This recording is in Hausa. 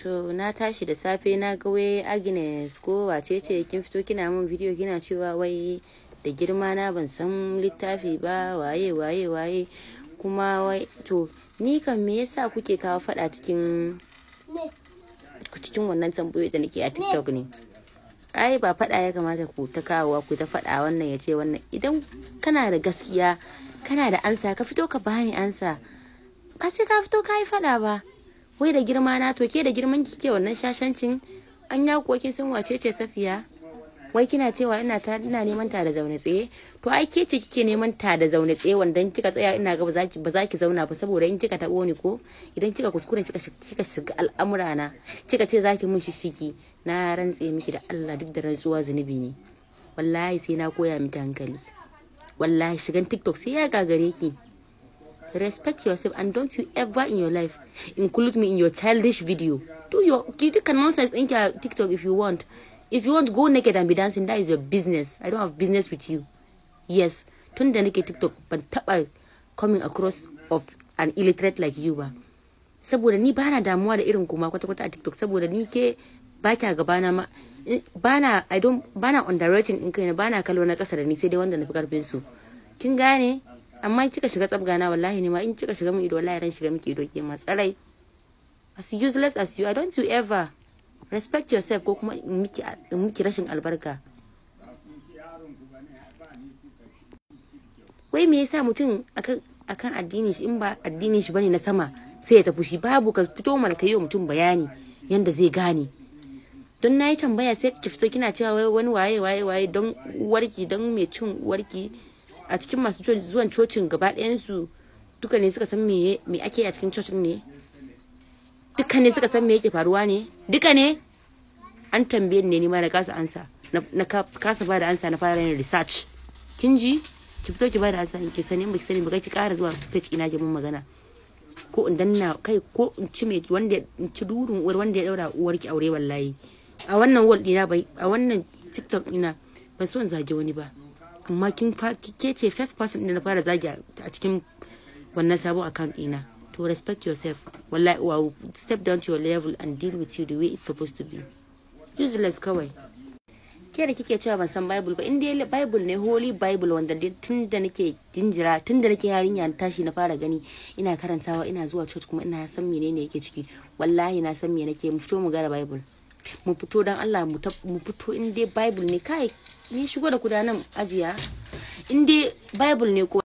to na tashi da safe na ga wai agnes ko wace ce kin fito kina min bidiyo kina cewa wai da girma na ban san littafi ba waye waye waye kuma wai to ni kan me yasa kuke kawo fada cikin cikin wannan tambayoyi da nake a tiktok ne ai ba fada ya kamata ku ta kawo ku ta fada wannan ya ce wannan idan kana da gaskiya kana da ansa ka fito ka bani ansa ba sai ka fito ka yi fada ba wai da girma na to ke da girman kike wannan shashancin an ya kuwa kin san wace ce safiya wai kina cewa ina ta ina neman ta da zaune tsaye to ai ke ce kike neman ta da zaune tsaye wanda kika tsaya ina ga ba za ki zauna ba saboda in kika tabo ni ko idan kika kuskure kika kika shiga al'amura na kika ce zaki mun shishigi na rantse miki da Allah duk da rantsuwa zunubi ne wallahi sai na koya miki hankali wallahi shigan TikTok sai ya gagare ki Respect yourself and don't you ever in your life include me in your childish video. Do your you can nonsense in your TikTok if you want. If you want, go naked and be dancing. That is your business. I don't have business with you. Yes, tun da naked TikTok ban taba coming across of an illiterate like you ba. Saboda ni bana damuwa da irin kuma kwata-kwata a TikTok saboda ni ke ba kya gabana ma eh, bana I don't bana underrating in kaina bana kallo na kasa da ni sai dai wanda na fi karfin su. Kin gane? amma in kika shiga tsabgana wallahi ne ma in kika shiga mun ido wallahi ran shiga miki ido ke tsarai. as useless as you i don't you ever respect yourself ko kuma miki miki rashin albarka wai me yasa mutum akan akan addini shi in ba addinin shi bane na sama sai ya tafi shi babu ka fito mal kai wa mutum bayani yanda zai gane don na tambaya sai ki fito kina cewa wani waye waye waye don warki don mai cin uwarki a cikin masu zuwan cocin gaba su duka ne suka san me ake a cikin cocin ne duka ne suka san me yake faruwa ne duka ne an tambaye ne ma na kasa ansa na kasa ba da ansa na fara yin research kin ji ki fito ki ba da ansa ki sani ba ki sani ba ki ƙara zuwa page ina ke mun magana ko in danna kai ko in ci me wanda in ci durun uwar wanda ya daura uwar ki aure wallahi a wannan wall dina bai a wannan tiktok ina ba so in zage wani ba amma kin ke ce first person da na fara zagi a cikin wannan sabon account ɗina to respect yourself wallahi uwa step down to your level and deal with you the way it's supposed to be useless kawai ke da kike cewa ban san bible ba inda bible ne holy bible wanda tun da nake jinjira tun da nake yarinya na tashi na fara gani ina karantawa ina zuwa church kuma ina san menene yake ciki wallahi na san me nake mu fito mu gara bible mu fito dan Allah mu fito in dai bible ne kai ni shigo da kudanan ajiya in dai bible ne ko